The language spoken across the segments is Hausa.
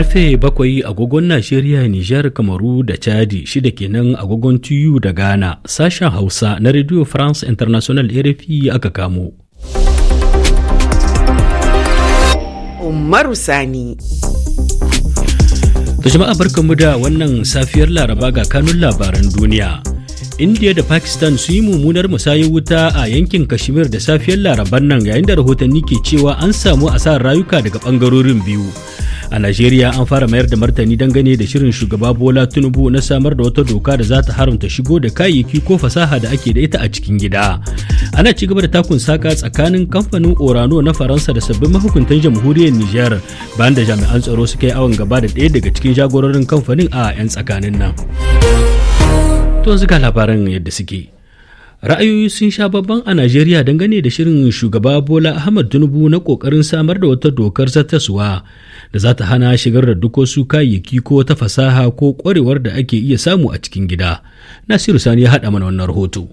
Karfe bakwai agogon Najeriya, Nijar, Kamaru da Chadi shida kenan agogon Tuyu da Ghana sashen Hausa na Radio France International RFI aka kamo. Umaru Sani. Ta jama'a da wannan safiyar Laraba ga kanun labaran duniya. India da Pakistan su yi mummunar musayar wuta a yankin Kashmir da safiyar Laraban nan yayin da rahotanni ke cewa an samu asarar rayuka daga bangarorin biyu. a najeriya an fara mayar da martani dangane da shirin shugaba bola tinubu na samar da wata doka da za ta haramta shigo da kayayyaki ko fasaha da ake da ita a cikin gida ana ci gaba da takun saka tsakanin kamfanin orano na faransa da sabbin mahukuntan jamhuriyar niger bayan da jami'an tsaro suka yi awon gaba da ɗaya daga cikin jagororin kamfanin a 'yan tsakanin nan to ga labaran yadda suke ra'ayoyi sun sha babban a najeriya dangane da shirin shugaba bola ahmad tinubu na kokarin samar da wata dokar zartaswa da za ta hana shigar da duk wasu kayayyaki ko ta fasaha ko ƙwarewar da ake iya samu a cikin gida nasiru sani ya haɗa mana wannan rahoto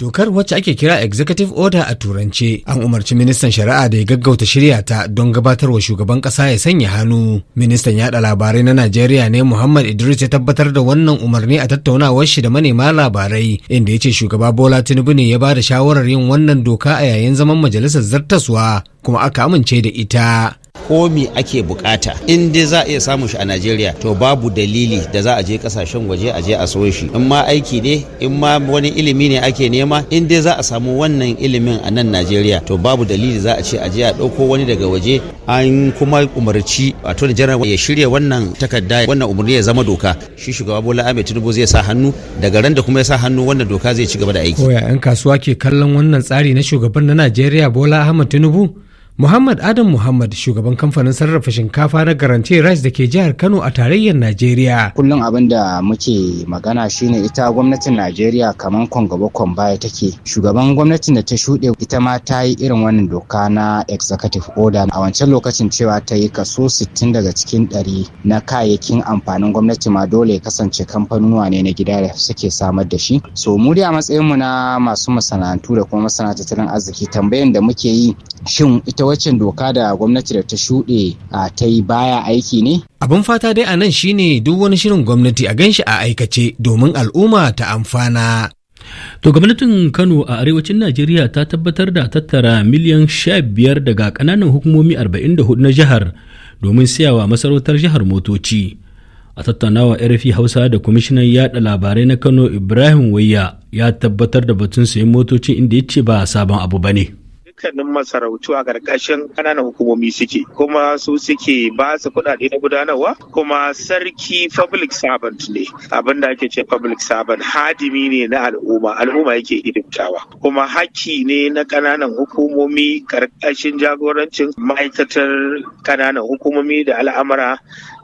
dokar wacce ake kira executive order a turance an umarci ministan shari'a da ya gaggauta shirya ta don gabatarwa shugaban ƙasa ya sanya hannu ministan yada labarai na najeriya ne muhammad idris ya tabbatar da wannan umarni a tattaunawar shi da manema labarai inda ya ce shugaba bola tinubu ne ya ba da shawarar yin wannan doka a yayin zaman majalisar zartaswa kuma aka amince da ita ko me ake bukata in dai za a iya samun shi a najeriya to babu dalili da za a je kasashen waje a je a so shi in ma aiki ne in ma wani ilimi ne ake nema in dai za a samu wannan ilimin a nan najeriya to babu dalili za a ce a je a ɗauko wani daga waje an kuma umarci a tona janar ya shirya wannan takarda wannan umarni ya zama doka shi shugaba bola ahmed tinubu zai sa hannu daga ran da kuma ya sa hannu wannan doka zai ci gaba da aiki. Ko 'yan kasuwa ke kallon wannan tsari na shugaban na najeriya bola ahmed tinubu Muhammad Adam Muhammad shugaban kamfanin sarrafa shinkafa na Garanti Rice da ke jihar Kano a tarayyar Najeriya. Kullum abin da muke magana shine ita gwamnatin Najeriya kamar kwangaba baya take. Shugaban gwamnatin da ta shuɗe ita ma ta yi irin wannan doka na executive order a wancan lokacin cewa ta yi kaso 60 daga cikin 100 na kayayyakin amfanin gwamnati ma dole ya kasance kamfanuwa ne na gida da suke samar da shi. So mu matsayin a matsayinmu na masu masana'antu da kuma masana arziki tambayan da muke yi shin ita waccan doka da gwamnati da ta shuɗe a ta yi baya aiki ne? Abin fata dai a nan shine duk wani shirin gwamnati a shi a aikace domin al'umma ta amfana. To gwamnatin Kano a arewacin Najeriya ta tabbatar da tattara miliyan sha biyar daga kananan hukumomi arba'in da hudu na jihar domin siyawa masarautar jihar motoci. A tattaunawa RFI Hausa da kwamishinan yada labarai na Kano Ibrahim Wayya ya tabbatar da batun sayan motocin inda ya ce ba sabon abu ba ne. dukkanin masarautu a ƙarƙashin ƙananan hukumomi suke kuma su suke ba su kuɗaɗe na gudanarwa kuma sarki public servant ne abin da ake ce public servant hadimi ne na al'umma al'umma yake hidimtawa kuma haki ne na ƙananan hukumomi ƙarƙashin jagorancin ma'aikatar ƙananan hukumomi da al'amura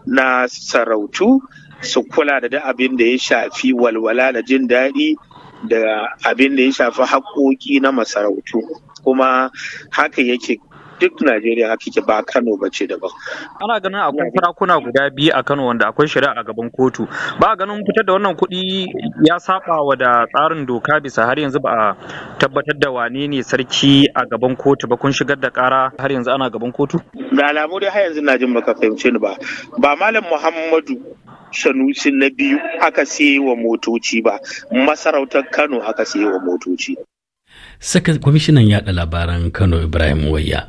na sarautu su kula da abin da ya shafi walwala da jin daɗi da abin da ya shafi haƙoƙi na masarautu kuma haka yake duk Najeriya haka ke ba Kano ba ce daban. Ana ganin akwai farakuna guda biyu a Kano wanda akwai shari'a a gaban kotu. Ba ganin fitar da wannan kuɗi ya saba wa da tsarin doka bisa har yanzu ba a tabbatar da wane ne sarki a gaban kotu ba kun shigar da ƙara har yanzu ana gaban kotu? Da alamu dai har yanzu na jin baka fahimce ni ba. Ba Malam Muhammadu Sanusi na biyu aka siye wa motoci ba, masarautar Kano aka siye wa motoci. saka kwamishinan yaɗa labaran kano ibrahim wayya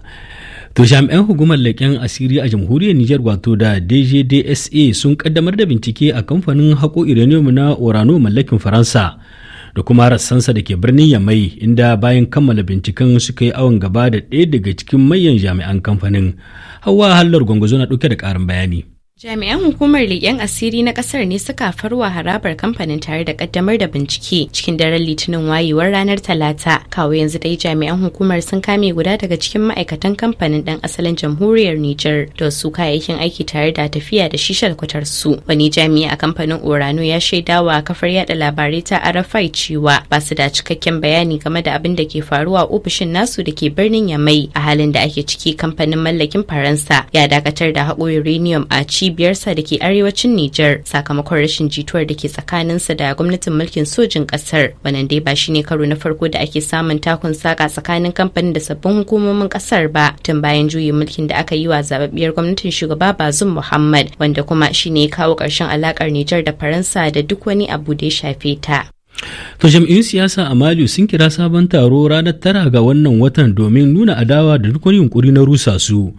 to jami'an hukumar leƙen asiri a jamhuriyar nijar wato da djdsa sun kaddamar da bincike a kamfanin haƙo uranium na orano mallakin faransa da kuma rassansa da ke birnin yamai inda bayan kammala binciken suka yi awon gaba da ɗaya daga cikin manyan jami'an kamfanin hawa hallar gwangwazo na ɗauke da ƙarin bayani Jami'an hukumar leƙen asiri na ƙasar ne suka farwa harabar kamfanin tare da ƙaddamar da bincike cikin daren litinin wayewar ranar talata. Kawo yanzu dai jami'an hukumar sun kame guda daga cikin ma'aikatan kamfanin ɗan asalin jamhuriyar Nijar da su kayayyakin aiki tare da tafiya da shishar kwatar su. Wani jami'a a kamfanin Orano ya shaidawa kafar yada labarai ta Arafai cewa ba su da cikakken bayani game da abin da ke faruwa ofishin nasu da ke birnin Yamai a halin da ake ciki kamfanin mallakin Faransa ya dakatar da haƙo uranium a ci cibiyarsa da ke arewacin Nijar sakamakon rashin jituwar da ke tsakaninsa da gwamnatin mulkin sojin kasar. Wannan dai ba shine karo na farko da ake samun takun saka tsakanin kamfanin da sabbin hukumomin kasar ba tun bayan juyin mulkin da aka yi wa zababbiyar gwamnatin shugaba Bazum Muhammad wanda kuma shine ya kawo ƙarshen alakar Nijar da Faransa da duk wani abu da ya shafe ta. To jam'iyyun siyasa a Mali sun kira sabon taro ranar tara ga wannan watan domin nuna adawa da duk wani yunkuri na rusa su.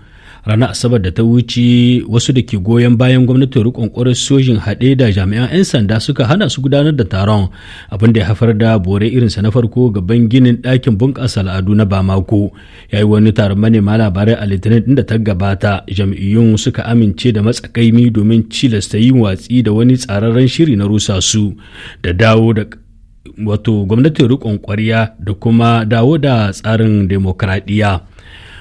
ranar asabar da ta wuce wasu da ke goyon bayan gwamnatin rikon kwarar sojin haɗe da jami'an 'yan sanda suka hana su gudanar da taron abin da ya haifar da bore irinsa na farko gaban ginin ɗakin bunƙasa al'adu na bamako ya yi wani taron manema labarai a litinin ɗin da ta gabata jam'iyyun suka amince da matsakaimi domin cilasta yin watsi da wani tsararren shiri na rusa su da dawo da wato gwamnatin rikon kwariya da kuma dawo da tsarin demokradiyya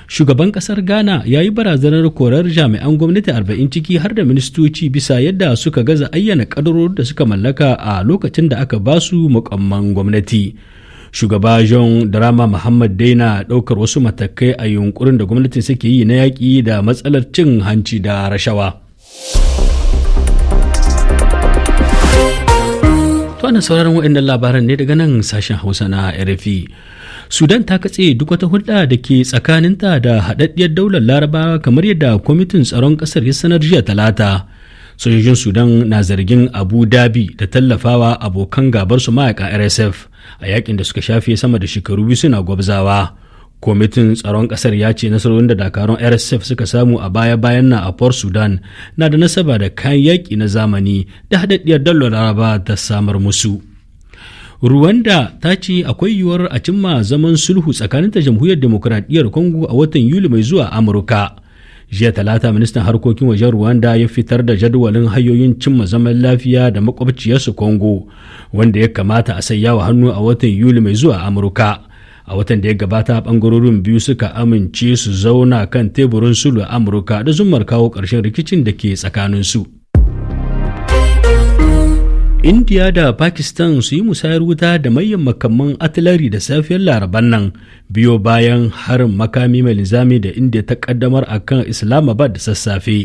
shugaban kasar ghana ya yi barazanar korar jami'an gwamnati arba'in ciki har da ministoci bisa yadda suka gaza ayyana kadarorin da suka mallaka a lokacin da aka ba su mukamman gwamnati shugaba john drama muhammad daina daukar wasu matakai a yunkurin da gwamnatin suke yi na yaƙi da matsalar cin hanci da rashawa to ana sauraron waɗannan labaran ne daga nan sashen hausa na rfi sudan ta katse duk wata hulɗa da ke tsakaninta da haɗaɗɗiyar daular Laraba kamar yadda kwamitin tsaron ƙasar ya sanar jiya talata sojojin sudan na zargin abu dhabi da tallafawa abokan gabarsu mayaka rsf a yakin da suka shafe sama da shekaru biyu suna gwabzawa kwamitin tsaron ƙasar ya ce nasarorin da dakarun rsf suka samu a baya-bayan na a port sudan na da nasaba da kayan yaƙi na zamani da haɗaɗɗiyar daular laraba ta samar musu ruwanda ta ce akwai yiwuwar a cimma zaman sulhu tsakanin ta jamhuriyar demokuraɗiyyar Congo a watan Yuli mai zuwa Amurka. Jiya talata ministan harkokin wajen ruwanda ya fitar da jadawalin hanyoyin cimma zaman lafiya da makwabciyarsu Congo wanda ya kamata a sanya wa hannu a watan Yuli mai zuwa Amurka. A watan da ya gabata bangarorin biyu suka amince su zauna kan teburin sulhu a Amurka da zumar kawo ƙarshen rikicin da ke tsakaninsu. india da pakistan su yi musayar wuta da mayan makamman atilari da safiyar laraban nan biyo bayan harin makami mai linzami da indiya ta kaddamar a kan islamabad da sassafe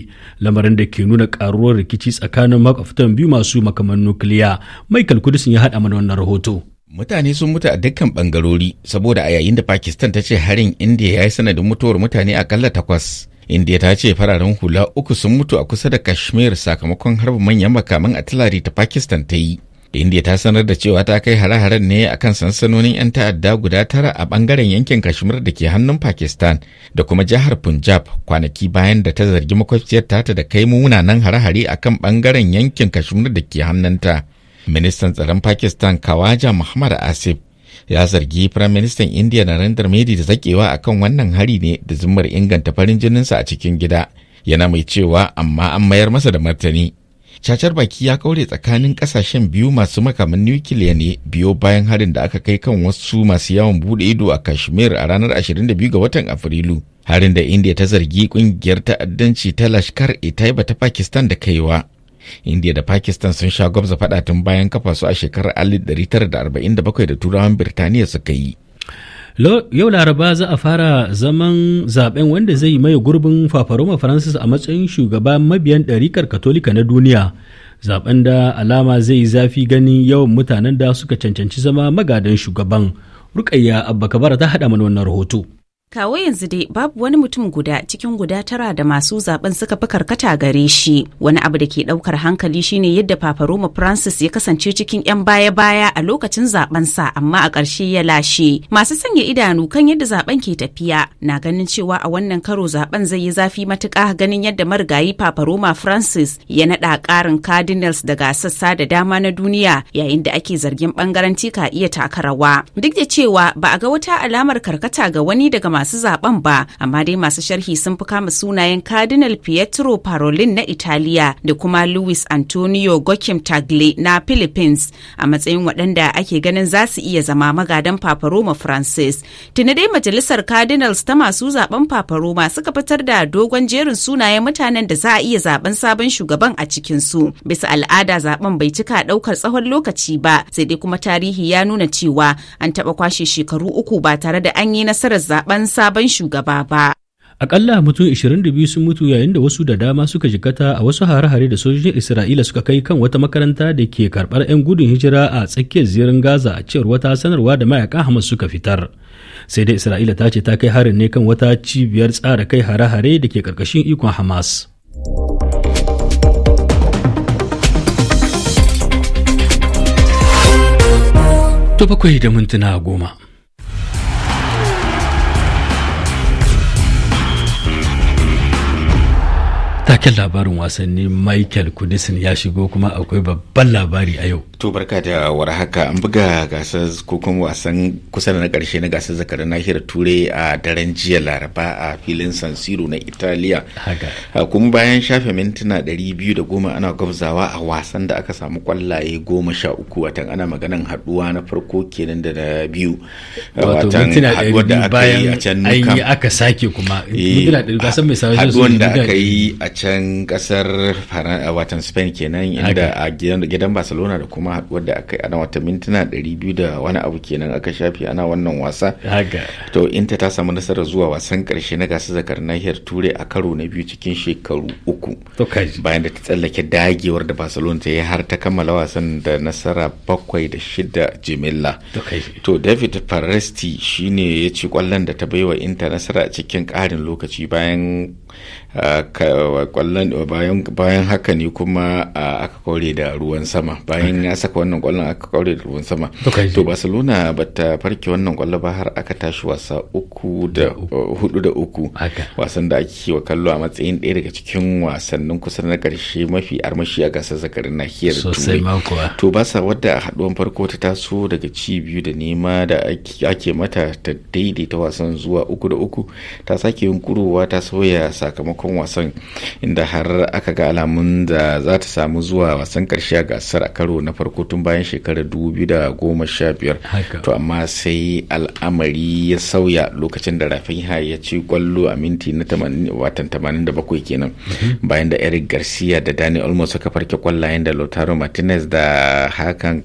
lamarin da ke nuna karuwar rikici tsakanin makwabtan biyu masu makaman nukiliya michael kudusin ya haɗa mana wannan rahoto mutane sun mutu a dukkan bangarori saboda a yayin da pakistan ta ce harin indiya ya yi sanadin mutuwar mutane akalla takwas india ta ce fararen hula uku sun mutu a kusa da kashmir sakamakon harba manyan makaman atilari ta pakistan ta yi india ta sanar da cewa ta kai hare-haren ne akan sansanonin 'yan ta'adda guda tara a bangaren yankin kashmir da ke hannun pakistan da kuma jihar punjab kwanaki bayan da ta zargi makwabciyar ta da kai munanan hare-hare a kan bangaren yankin kashmir da ke hannunta ministan tsaron pakistan kawaja muhammad asif ya zargi firaministan indiya narendra modi da zakewa akan wannan hari ne da zimmar inganta farin jininsa a cikin gida yana mai cewa amma an mayar masa da martani cacar baki ya kaure tsakanin kasashen biyu masu makaman nukiliya ne biyo bayan harin da aka kai kan wasu masu yawon bude ido a kashmir a ranar 22 ga watan afrilu harin da indiya ta zargi kungiyar ta'addanci ta lashkar e taiba ta pakistan da kaiwa india da pakistan sun sha gwabza faɗa tun bayan kafa su a shekarar 1947 da turawan birtaniya suka yi yau laraba za a fara zaman zaben wanda zai mai gurbin fafaroma francis a matsayin shugaba mabiyan ɗarikar katolika na duniya zaben da alama zai zafi ganin yawan mutanen da suka cancanci zama magadan shugaban rukayya abba kabara ta haɗa mana wannan rahoto Kawo yanzu dai babu wani mutum guda cikin guda tara da masu zaben suka fi karkata gare shi. Wani abu da ke daukar hankali shine yadda Papa Roma Francis ya kasance cikin 'yan baya-baya a lokacin zabensa amma a ƙarshe ya lashe. Masu sanya idanu kan yadda zaben ke tafiya na ganin cewa a wannan karo zaben zai yi zafi matuƙa ganin yadda marigayi Papa Roma Francis ya naɗa ƙarin Cardinals daga sassa da dama na duniya yayin da ake zargin bangaranci ka iya takarawa Duk da cewa ba a ga wata alamar karkata ga wani daga masu zaben ba amma dai masu sharhi sun fi kama sunayen Cardinal Pietro Parolin na Italiya da kuma Luis Antonio Gokim Tagle na Philippines a matsayin waɗanda ake ganin za su iya zama magadan Paparoma Francis. Tuni dai majalisar Cardinals ta masu zaben Paparoma suka fitar da dogon jerin sunayen mutanen da za a iya zaben sabon shugaban a cikin su. Bisa al'ada zaben bai cika ɗaukar tsawon lokaci ba sai dai kuma tarihi ya nuna cewa an taɓa kwashe shekaru uku ba tare da an yi nasarar zaben sabon shugaba ba. Akalla mutum 22 sun mutu yayin da wasu da dama suka jikata a wasu hare-hare da sojojin Isra'ila suka kai kan wata makaranta da ke karɓar 'yan gudun hijira a tsakiyar zirin Gaza a cewar wata sanarwa da mayaka Hamas suka fitar. Sai dai Isra'ila ta ce ta kai harin ne kan wata cibiyar tsara kai hare-hare da ke karkashin ikon Hamas. ta bakwai da mintuna goma. taken labarin wasanni michael kudisin ya shigo kuma akwai babban labari a yau to barka da warhaka an buga gasar kokon wasan kusa da na karshe na gasar zakarar nahiyar turai a daren jiya laraba a filin san siro na italiya kuma bayan shafe mintuna 210 ana gwabzawa a wasan da aka samu kwallaye goma sha uku watan ana maganan haduwa na farko kenan da na biyu watan haduwa da aka yi a can nuka aka sake kuma mintuna eh, da aka yi a can kasar watan spain kenan inda a gidan barcelona da kuma haduwar da aka yi ana wata mintuna 200 da wani abu kenan aka shafi ana wannan wasa to inta ta samu nasarar zuwa wasan karshe na gasar zakar nahiyar ture a karo na biyu cikin shekaru uku bayan da ta tsallake dagewar da barcelona ta yi har ta kammala wasan da nasara bakwai da shida jimilla to david faresti shine ya ci kwallon da ta baiwa inta nasara cikin karin lokaci bayan bayan bayan haka ne kuma aka kaure da ruwan sama bayan ya saka wannan kwallon aka kaure da ruwan sama to barcelona ba ta farke wannan kwallo ba har aka tashi wasa uku da uh, hudu da uku wasan da ake wa kallo a matsayin ɗaya daga cikin wasannin kusa na karshe mafi armashi a gasar zakarin nahiyar turai to ba sa wadda a haduwan farko ta taso daga ci biyu da nema da ake mata ta daidaita wasan zuwa uku da uku ta sake yunkurowa ta sauya sakamakon wasan inda har aka ga alamun da za ta samu zuwa wasan karshe a gasar a karo na farko tun bayan shekarar 2015 to amma sai al'amari ya sauya lokacin da rafinha ya ci kwallo a minti na 87 kenan mhm. bayan da eric garcia da dani olmo suka farke kwallayen da lautaro martinez da hakan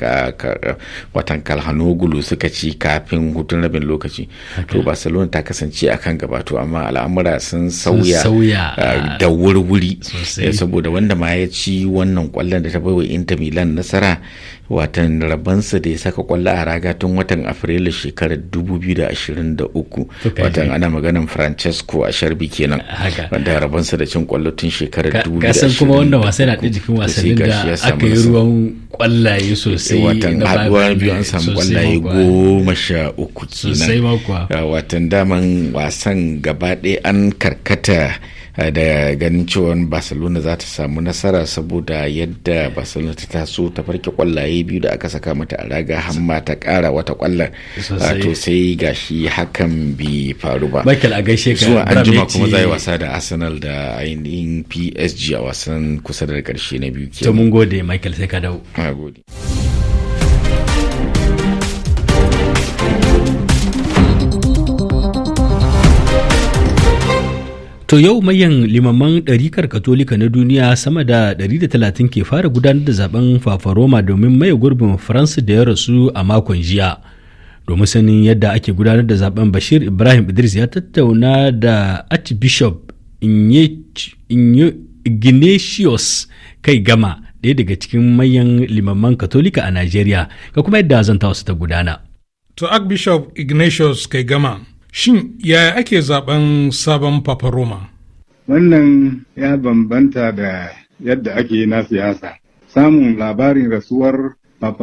watan kalhanogulu suka ci kafin hutun rabin lokaci to barcelona ta kasance akan gaba to amma al'amura sun sauya sauya ah, da wurwuri eh, saboda wanda ma ya ci wannan kwallon da ta bai wa Inter Milan nasara watan rabansa da ya saka kwallo a raga tun watan afrilu shekarar 2023 watan ana maganin francesco a sharbi kenan wanda rabansa da cin kwallo tun shekarar 2023 kasan kuma wannan wasa yana ɗin jikin wasannin da aka yi ruwan kwallaye sosai watan haɗuwa biyu an samu kwallaye goma sha uku kenan watan daman wasan gaba ɗaya an karkata Eh, da ganin cewa barcelona za ta samu nasara saboda yadda barcelona ta taso ta farke kwallaye biyu da aka saka mata a raga hamma ta kara wata kwallon ah, to sai gashi hakan bi faru ba michael a gaishe ka zuwa an jima kuma za yi wasa da arsenal da ainihin psg a wasan kusa da karshe na biyu ta mun gode michael sai ka dau To yau mayan limaman ɗarikar Katolika na duniya sama da 130 ke fara gudanar da zaben fafaroma domin maye gurbin Faransa da ya rasu a makon jiya. Domin sanin yadda ake gudanar da zaben Bashir Ibrahim Idris ya tattauna da Archbishop Ignatius kai gama ɗaya daga cikin mayan limaman Katolika a Najeriya, ka kuma yadda zanta wasu ta gudana. To Archbishop Ignatius kai gama Shin yaya ake zaben sabon Roma? Wannan ya bambanta da yadda ake na siyasa. Samun labarin rasuwar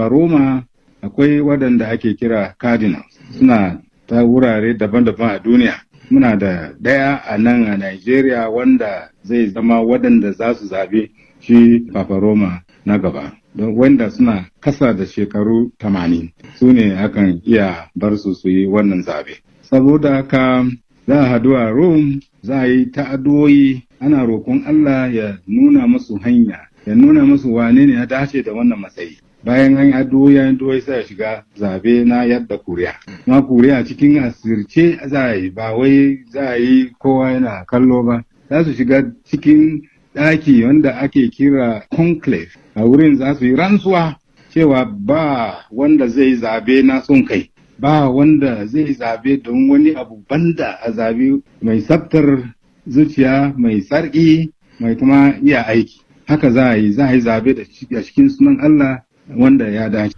Roma akwai waɗanda ake kira cardinal suna ta wurare daban-daban a duniya. Muna da ɗaya a nan a Najeriya wanda zai zama waɗanda za su zaɓe shi Roma na gaba. don wanda suna kasa da shekaru tamanin, su ne akan iya bar su su yi wannan zaɓe. saboda haka za a haɗu a Rome za a yi ta'adoyi ana roƙon Allah ya nuna musu hanya ya nuna musu wane ne ya dace da wannan matsayi bayan an yi addu'o'i an addu'o'i sai shiga zabe na yadda kuriya na kuriya cikin asirce za a yi ba wai za a yi kowa yana kallo ba za su shiga cikin ɗaki wanda ake kira conclave a wurin za su yi rantsuwa cewa ba wanda zai zabe na son kai ba wanda zai zabe don wani abu banda a zabe mai tsabtar zuciya mai tsarki mai kuma iya aiki haka za a yi za a yi zabe da cikin sunan Allah wanda ya dace.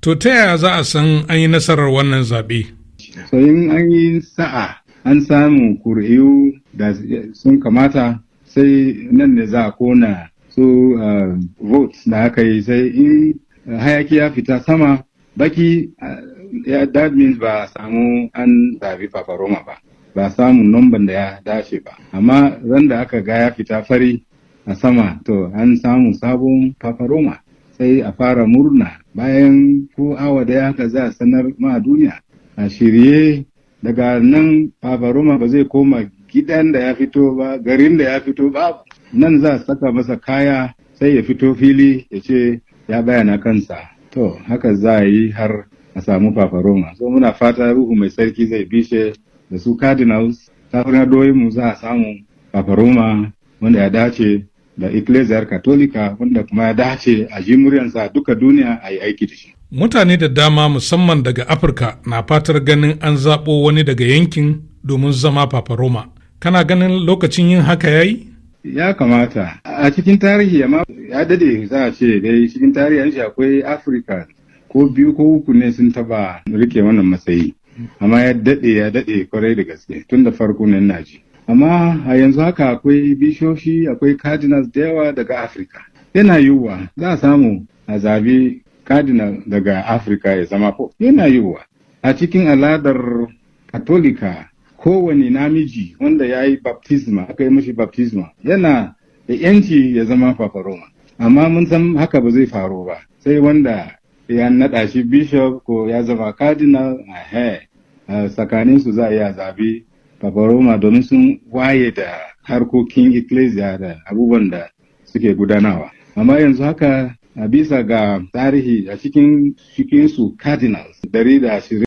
To ta yaya za a san an yi nasarar wannan zabe Sayin an yi sa'a an samu kuri'u da sun kamata sai nan ne za a kona su ah, votes da aka yi sai in hayaki ya fita sama baki ah, that means ba samu an zabi fafaroma ba ba samu nomban da ya dace ba amma ran da aka ga ya fita fari a sama to an samu sabon fafaroma sai a fara murna bayan ko awa da haka za a sanar ma duniya a shirye daga nan fafaroma ba zai koma gidan da ya fito ba garin da ya fito ba nan za a saka masa kaya sai ya fito fili ya ce ya bayana kansa to haka za a yi har a samu fafaroma so muna fata ruhu mai sarki zai bishe da su cardinals tafirin mu za a samu fafaroma wanda ya dace da ecclesiar katolika wanda kuma ya dace a ji duka duniya a yi aiki da shi mutane da dama musamman daga afirka na fatar ganin an zaɓo wani daga yankin domin zama fafaroma kana ganin lokacin yin haka yayi ya kamata a cikin tarihi ya dade za a ce dai cikin tarihi shi akwai afirka ko biyu ko uku ne sun taba rike wannan matsayi amma ya daɗe ya daɗe kwarai da gaske tun da farko ne na ji amma a yanzu haka akwai bishoshi akwai cardinals da yawa daga afirka yana yiwuwa za a samu a zabi cardinal daga afirka ya zama ko yana yiwuwa a cikin aladar katolika kowane namiji wanda ya yi baptisma aka yi mashi baptisma yana da yanci ya zama fafaroma amma mun san haka ba zai faru ba sai wanda ya naɗa shi bishop ko ya zama cardinal ahe tsakanin su za a iya zabi roma domin sun waye da harkokin ecclesia da abubuwan da suke gudanawa amma yanzu haka a bisa ga tarihi a cikin cikinsu cardinals dari da ashirin